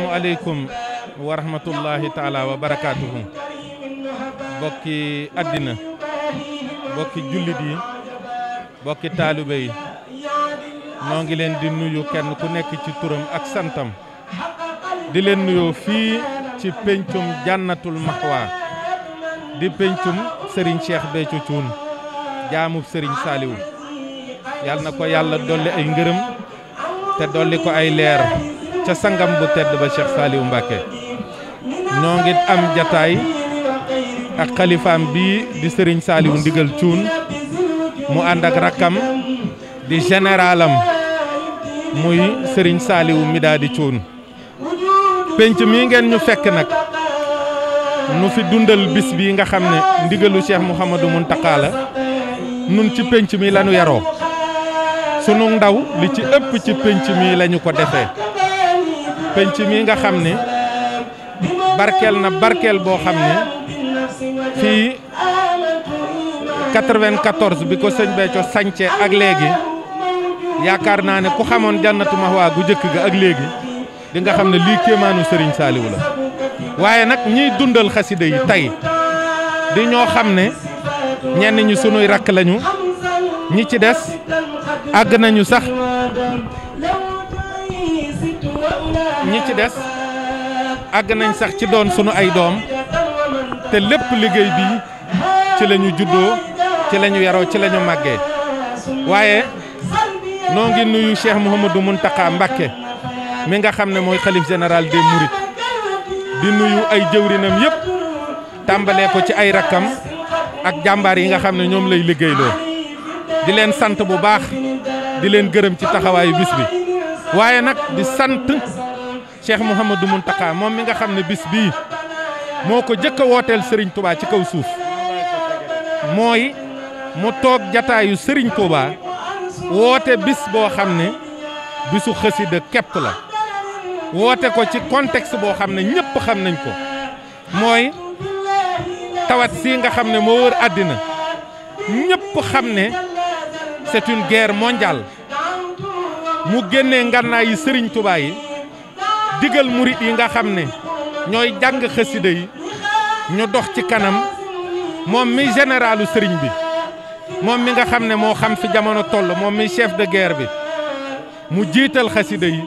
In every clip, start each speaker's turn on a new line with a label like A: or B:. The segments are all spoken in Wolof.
A: maaleykum wa rahmatullahi taala wa barakaatuhu bokki àddina bokki jullit yi bokki taalibe yi noo ngi leen di nuyu kenn ku nekk ci turam ak santam di leen nuyoo fii ci péncum jànnatul maxwa di péncum sëriñ Cheikh Béthio Thioune jaamub sëriñ Saliou yal ko yàlla dolli ay ngërëm te dolli ko ay leer ca sangam bu tedd ba Cheikh Saliou mbake no ngit am jotaay ak disering bi di Serigne Saliou Ndigal Thioune mu ànd ak di generalam, muy Serigne Saliou Midadi Thioune pench mi ngeen ñu fekk nak nu fi dundal bis bi nga xamne ndigalu Cheikh mohammed muntaka la nun ci pench mi lañu yaro sunu ndaw li ci ëpp ci pench mi lañu ko défé penc mi nga xam ne
B: barkeel na barkeel boo xam ne fii
A: bi ko sëñ Béthio sañce ak léegi yaakaar naa ne ku xamoon jannatu mahwa gu jëkk ga ak léegi di nga xam ne lii kéemaanu sëriñ saaliwu la waaye nag ñiy dundal xasida yi tey di ñoo xam ne
B: ñenn ñi sunuy rakk lañu ñi ci des àgg nañu sax ñi ci dess
A: ag nañ sax ci doon suñu ay doom té lepp liggéey bi ci lañu juddoo ci lañu yaro ci lañu maggé wayé no ngi nuyu cheikh mouhamadou muntaka mbacké mi nga xamné moy mooy général des mourid di nuyu ay jëwrinam yépp tambalé ko ci ay rakam ak jambar yi nga xamné ñom lay lay liggéeyloo di len sante bu baax di len ci taxaway bis bi waaye di sante Cheikh Mouhamadou Mountakha moom mi nga xam ne bis bii moo ko jëkk a wooteel sëriñ Touba ci kaw suuf mooy mu toog jataayu sëriñ Touba woote bis boo xam ne bisu xasida képp la woote ko ci contexte boo xam ne ñëpp xam nañ ko mooy tawat si nga xam ne moo wër àddina ñëpp xam ne c'est une guerre mondiale mu génnee ngànnaay yi sëriñ Touba yi. digal murit yi nga xam ne ñooy jàng xasida yi ñu dox ci kanam moom mi généralu sëriñ bi moom mi nga xam ne moo xam fi jamono toll moom mi chef de guerre bi mu jiital xasida yi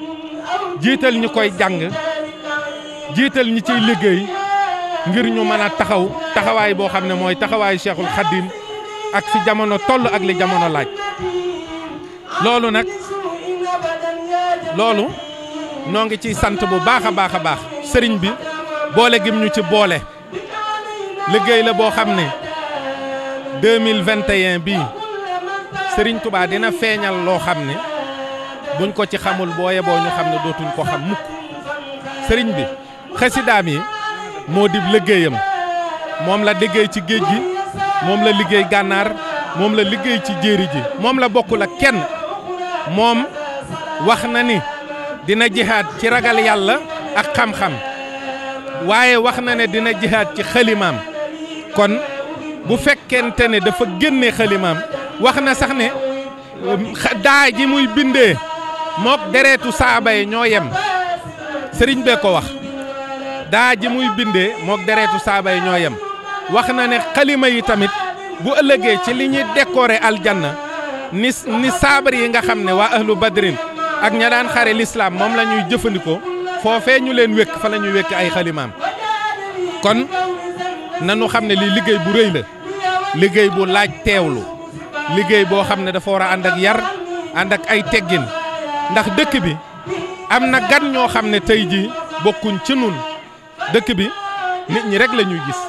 A: jiital ñi koy jàng jiital ñi ciy liggéey ngir ñu mën a taxaw taxawaay boo xam ne mooy taxawaayu Cheikhul Khadim ak ci jamono toll ak li jamono laaj loolu nag loolu noo ngi ciy sant bu baax a baax a baax sëriñ bi boole gim ñu ci boole liggéey la boo xam ne 2021 bii sëriñ Touba dina feeñal loo xam ne buñ ko ci xamul boo yeboo ñu xam ne dootuñ ko xam mukk sëriñ bi xasidaam yi moo di liggéeyam moom la liggéey ci géej gi moom la liggéey gànnaar moom la liggéey ci jéeri ji moom la bokkul ak kenn moom wax na ni dina jihaad ci ragal yàlla ak xam-xam waaye wax na ne dina jihaad ci xalimaam kon bu fekkente ne dafa génne xalimaam wax na sax ne daa ji muy bindee mook dereetu saaba yi ñoo yem sëriñ bee ko wax daa ji muy bindee mook dereetu saaba yi ñoo yem wax na ne xalima yi tamit bu ëllëgee ci li ñuy décorer aljanna ni ni saabar yi nga xam ne waa ahlu badrin ak ña daan xare lislaam moom lañuy jëfandikoo foofee ñu leen wékk fa la ñuy wékk ay xalimaam kon nanu xam ne lii liggéey bu rëy la liggéey bu laaj teewlu liggéey boo xam ne dafa war a ànd ak yar ànd ak ay teggin ndax dëkk bi am na gan ñoo xam ne tey jii bokkuñ ci nun dëkk bi nit ñi rek lañuy gis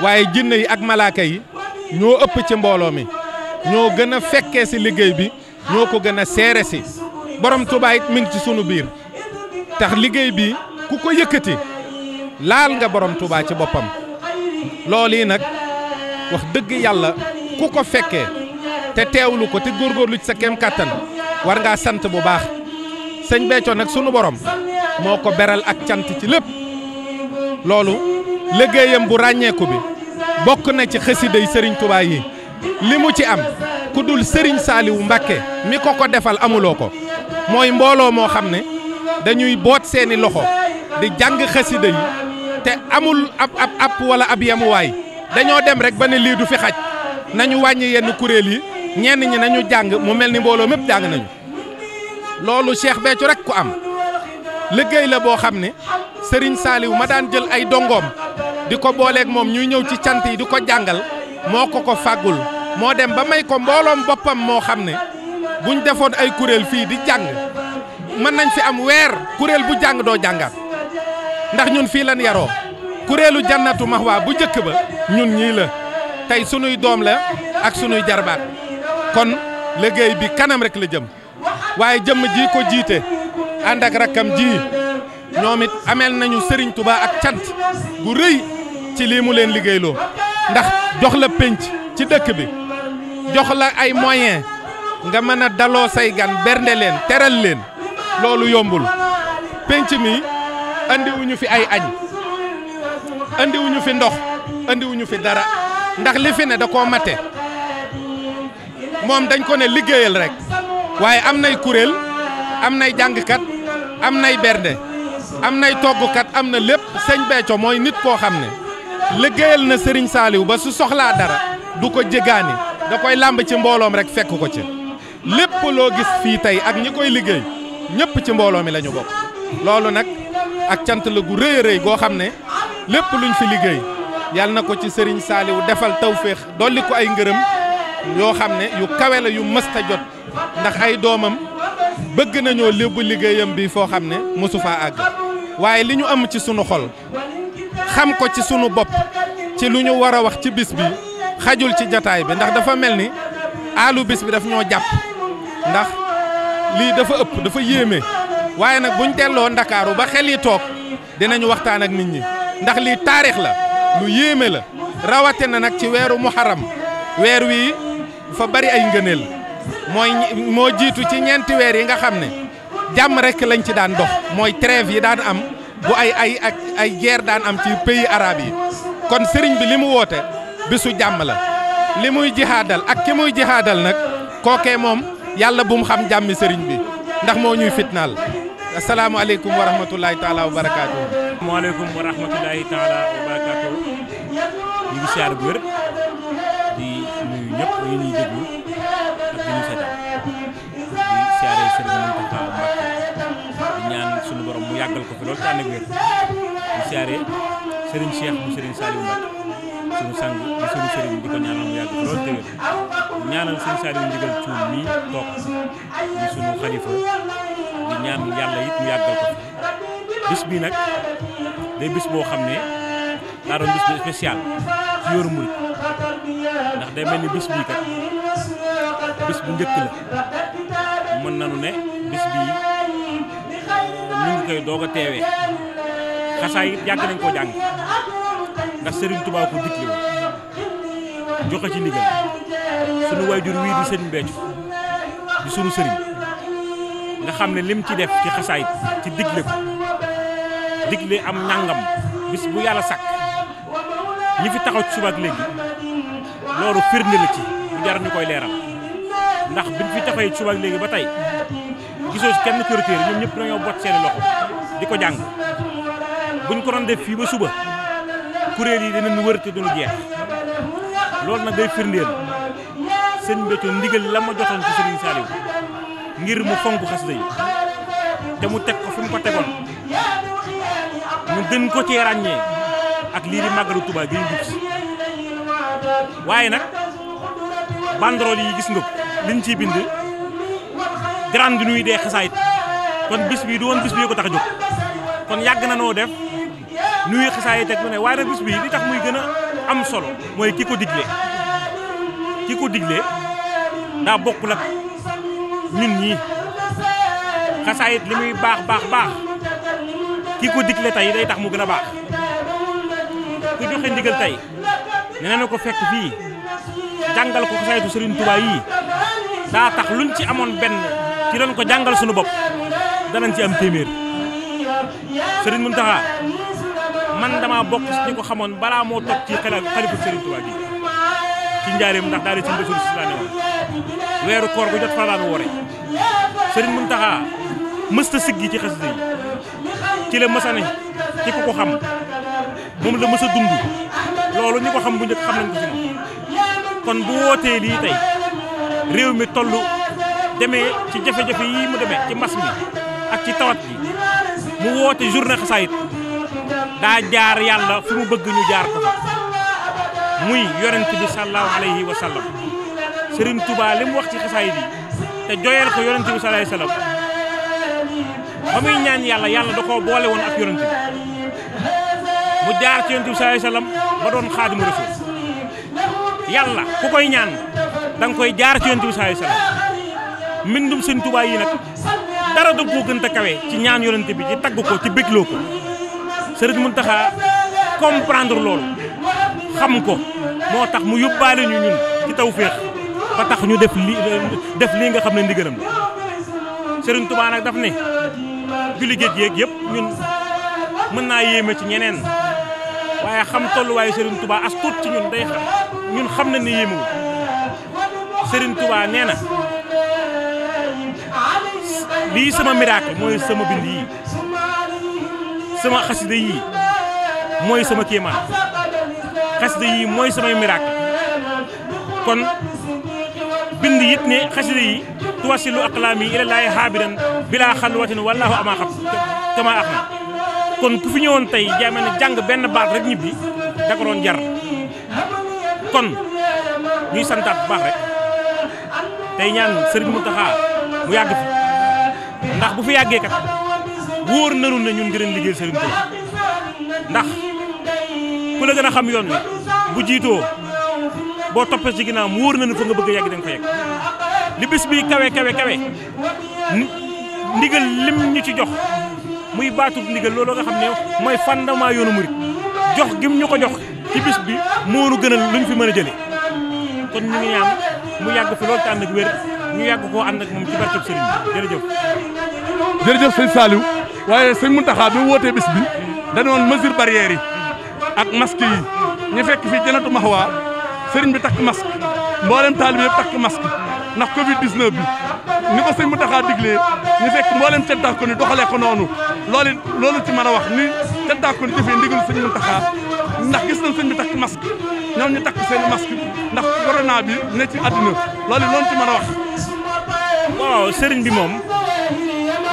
A: waaye jinne yi ak malaaka yi ñoo ëpp ci mbooloo mi ñoo gën a fekkee si liggéey bi ñoo ko gën a seere si borom Touba it mi ngi ci sunu biir tax liggéey bi ku ko yëkkati laal nga borom Touba ci boppam lool yi nag wax dëgg yàlla ku ko fekkee te teewlu ko te góorgóorlu ci sa kem kàttan war ngaa sant bu baax sëñ Béthio nag sunu borom moo ko beral ak cant ci lépp loolu liggéeyam bu ràññeeku bi bokk na ci xësiday sëriñ Touba yi li mu ci am ku dul sëriñ Saaliwu Mbàkke mi ko ko defal amuloo ko moy mbolo mo xamne dañuy bot seeni loxo di jang khasside yi te amul ab ab app wala ab way dañoo dem rek ba li du fi xaj nañu wañi yenn kuréel yi ñenn ñi nañu jang mu melni ni mepp jang nañu lolu Cheikh beccu rek ku am liggey la bo xamne Serigne saliw ma daan jël ay dongom. di bolé ak mom ñuy ñew ci cant diko di moko ko fagul. mo dem ba may ko mbolom bopam mo xamne buñ defoon ay kuréel fii di jàng mën nañ fi am weer kuréel bu jàng doo jàngaat ndax ñun fii lan yaroo kuréelu jannatu mahwa bu njëkk ba ñun ñii la tey sunuy doom la ak sunuy jarbaat kon liggéey bi kanam rek la jëm waaye jëm ji ko jiite ànd ak rakkam ji ñoomit it ameel nañu Serigne Touba ak cant gu rëy ci lii mu leen liggéeyloo ndax jox la pénc ci dëkk bi jox la ay moyens nga mën a daloo say gan bernde leen teral leen loolu yombul penc mi andiwuñu fi ay añ andiwuñu fi ndox andiwuñu fi dara ndax li fi ne da koo mate moom dañ ko ne liggéeyal rek waaye am nay kuréel am nay jàngkat am nay bernde am nay toggkat am na lépp sëñ Béthio mooy nit koo xam ne liggéeyal na Serigne Saliou ba su soxlaa dara du ko jégaani da koy làmb ci mbooloom rek fekk ko ci lépp loo gis fii tey ak ñi koy liggéey ñëpp ci mbooloo mi la ñu loolu nag ak cant la gu rëy rëy goo xam ne lépp luñ fi liggéey yàlla na ko ci Serigne Saliou defal tawféex dolli ko ay ngërëm yoo xam ne yu kawela la yu mësta jot ndax ay doomam bëgg nañoo lébu liggéeyam bi foo xam ne mosu faa àgg waaye li ñu am ci sunu xol xam ko ci sunu bopp ci lu ñu war a wax ci bis bi xajul ci jataay bi ndax dafa mel ni aalu bis bi daf ñoo jàpp ndax lii dafa ëpp dafa yéeme waaye nag buñ delloo ndakaaru ba xel yi toog dinañ waxtaan ak nit ñi ndax lii taarix la lu yéeme la rawate na nag ci weeru muharram weer wii fa bari ay ngëneel mooy moo jiitu ci ñeenti weer yi nga xam ne jàmm rekk lañ ci daan dox mooy trêve yi daan am bu ay ay ak ay geer daan am ci pays araab yi kon sëriñ bi li mu woote bisu jàmm la li muy jihaadal ak ki muy jihaadal nag kookee moom yàlla bu mu xam jàmmi sëriñ bi ndax moo ñuy fitnaal asalaamualeykum wa rahmatulahi taala wa barakaatu. maaleykum wa rahmatulahi taala wa barakaatu ñu ngi siyaar bu wér
C: di nuyu ñëpp ñu ñuy déglu
B: ak di ñu di
C: siyaaree sëriñ Mountakha borom mu yàggal ko sëriñ sëriñ suñu sang di suñu sëriñ di ko ñaanal mu yàgg loolu te ñaanal sëñ Saliou Ndigal Cuun mii toog di sunu xalifa di ñaan nag day bis boo xam ne daa doon bis bu bis bii kat bis bu njëkk la mën nanu ne bis bii ñu ngi koy doog a teewee
B: xasaa it yàgg nañ koo jàng ndax Serigne Touba ko digle woon joxe ci ndigal sunu wayjur wii di sëriñ
C: Béthio di sunu sëriñ nga xam ne lim ci def ci xasaayit ci digle ko digle am ñàngam bis bu yàlla sàkk ñi fi taxaw ci suba ak léegi loolu firnde ci lu jar ñu koy leeral ndax biñ fi taxawee ci suba ak léegi ba tey gisoo ci kenn kuréel ñoom ñëpp dañoo bot seeni loxo
B: di ko jàng buñ ko doon def fii ba suba kuréel
C: yi dinañ wër te duñu jeex. loolu nag day firndeel seen Béthio ndigal la ma jotoon ci Serigne Saliou ngir mu fonk xasida yi te mu teg ko fu mu ko tegoon ñu gën ko ci ràññee
B: ak lii di màggalu Touba gi ñu jub si waaye nag
C: banderole yi gis nga ko liñ ciy bind grande nuy des xasaayit kon bis bii du woon bis bii ko tax jóg kon yàgg na noo def nuyu xasaayit ak mu ne waaye nag bis bii li tax muy gën a am solo mooy ki ko digle ki ko digle daa bokkul ak ñun ñii xasaayit li baax baax baax ki ko digle tey day tax mu gën a baax
B: ku joxe ndigal tey
C: nee na ko fekk bii jàngal ko xasaayitu Serigne Touba yii daa tax luñ ci amoon benn ci doon ko jàngal sunu bopp danañ ci am téeméer
B: Serigne Mountakha man dama bokk ci ñi
C: ko xamoon balaa moo toog ci xelal xalifa Serigne Touba gi
B: ci njaareem ndax daal di sëñ Bassirou
C: Sy la ne woon weeru koor gu jot fa daan woore Serigne Mountakha mësta siggi ci xasida yi ci la mësa ne ci ku ko xam moom la mësa dund loolu ñi ko xam bu njëkk xam nañ ko ci kon bu wootee lii tey réew mi toll demee ci jafe-jafe yi mu demee ci mbas mi ak ci tawat bi mu woote journée xasaayit daa jaar yàlla fu mu bëgg ñu jaar ko fa muy yonent bi sallallahu alayhi wa sallam Serigne Touba li mu wax ci xasaay bi te joyal ko yonent bi sallallahu
B: ba muy ñaan yàlla yàlla da
C: koo boole woon ak yonent bi
B: mu jaar ci yonent bi sallallahu ba doon xaadimu rasul yàlla ku koy ñaan
C: da nga koy jaar ci yonent bi sallallahu mbindum Serigne Touba yi nag dara du gën a kawe ci ñaan yonent bi ci tagg ko ci bégloo ko Sëriñ Muntaxa comprendre loolu xam ko moo tax mu yóbbaale ñu ñun ci tawféex ba tax ñu def li def lii nga xam ne ndigalam la Sëriñ Tuubaa nag daf ne julli géej yeeg yëpp ñun mën naa yéeme ci ñeneen waaye xam tolluwaayu Sëriñ Tuubaa as tuut ci ñun day xam ñun xam nañ ne yéemewul Sëriñ Tuubaa nee na
B: lii sama miracle mooy sama bind yi
C: sama xasida yi moy sama kema
B: xasida yi moy sama miracle kon bind yit
C: ne xasida yi tuwasilu aqlami ila lahi haabiran bila khalwatin wallahu ama xam kama akhna kon ku fi ñewon tay jaay jang ben baat rek ñibi da ko don jar kon
B: ñuy santat baax
C: rek tay ñaan serigne Mountakha mu yagg fi
B: ndax bu fi yagge kat wóor nanu ne ñun ngërëm liggéey Sëriñ Tuubaa ndax ku la gën a xam yoon wi bu jiitoo boo
C: toppee ci ginnaaw wóor nanu fa nga bëgg a yegg da nga ko yegg li bis bi kawe kawe kawe ndigal lim ñu ci jox muy baatub ndigal loolu nga xam ne mooy fondement yoonu murit jox gim ñu ko jox ci bis bi moonu gënal luñ fi mën a jële kon ñu ngi ñaan mu yàgg fi loolu te ànd ak wér ñu yàgg koo ànd ak moom ci barkeb sëriñ bi jërëjëf
A: jërëjëf sëñ waaye sëñ Muntaxa bi wootee bis bi danoon mesure barrière yi ak masque yi ñu fekk fii janatu waa sëriñ bi takk masque mboolem taalibe yëpp takk masque ndax ko Covid 19 bi ni ko sëñ Muntaxa diglee ñu fekk mboolem cantaako ni doxalee ko noonu loolu loolu ci mën a wax ni cantaako ni jëfee ndigal sëñ Muntaxa ndax gis nañ sëñ bi takk masque ñoom ñu takk seen masque ndax corona bi ne ci àddina loolu loolu ci mën a wax.
B: waaw sëriñ bi moom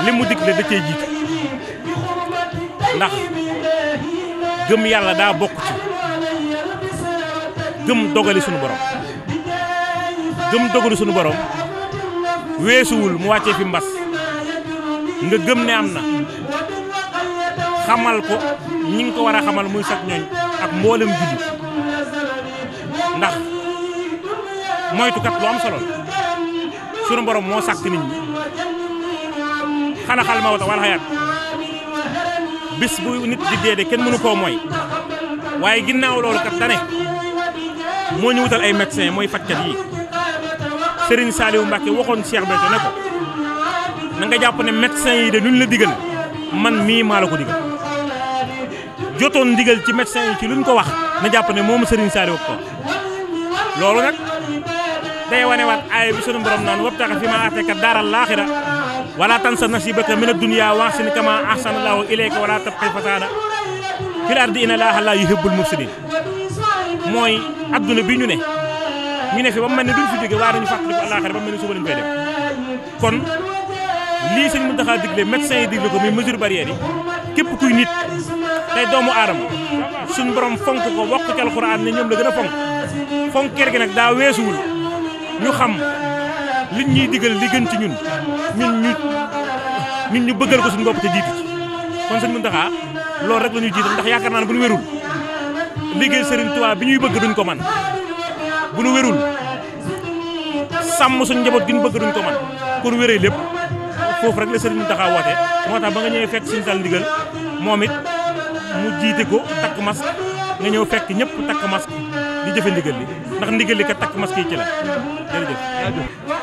B: li mu digle da cee ndax
C: gëm yàlla daa bokk ci gëm dogali sunu borom gëm dogali sunu borom weesuwul mu wàccee fi mbas nga gëm ne am na xamal ko ñi nga ko war a xamal muy sag ñooñ ak mboolem jullit ndax
B: moytukat lu am solo sunu borom moo sàkk nit ñi xalaxal mawta wal xayaat
C: bis bu nit di kenn mënu koo mooy waaye ginnaaw loolu kat dane moo ñu wutal ay médecin mooy fajkat yi Serigne Saliou Mbacke waxoon Cheikh Béthio ne ko na jàpp ne médecin yi de luñ la digal man mii maa la ko digal jotoon ndigal ci médecin yi ci luñ ko wax na jàpp ne moom Serigne Saliou ko
B: loolu nag day wanewaat
C: aaya bi sunu borom naan wabtaxi fi ma aateeka daaral laaxira ولا تنسى نصيبك من الدنيا واحسن كما احسن الله اليك ولا تبقى فسادا في الارض ان الله لا يحب المفسدين موي ادنا بي ني ني ني في بام ني دون في جوغي وارا ني فاتلي بو الاخر بام ني سوبر ني فيدي كون لي سيني مونتا خا ديغلي ميدسان ديغلي مي ميزور باريير كيب كوي نيت تاي دومو ادم سون بروم فونك كو وقت القران ني نيوم لا غنا فونك فونك كيرغي نك دا ويسول ñu xam liñ ñuy diggal li ci ñun ñun ñu ñun ñu bëggal ko suñu bopp te jitu kon sëñ Muntaxa lool rek la jitu ndax yaakaar naan bu ñu wërul
B: liggéey Serigne Touba bi ñuy bëgg duñ ko man bu ñu wërul
C: sam suñu njaboot giñ bëgg duñ ko man kon wéré lepp foofu rek la Serigne Muntaxa woote moo tax ba nga ñëw fekk suñu dal ndigal momit mu jité ko tak mas nga ñëw fekk ñëpp tak mas di jëfë ndigal li ndax ndigal li ka tak mas ki ci la jërëjëf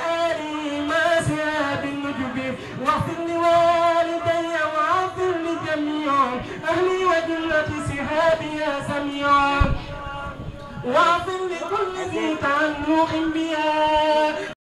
B: واعظم لكل ذي تعلق بها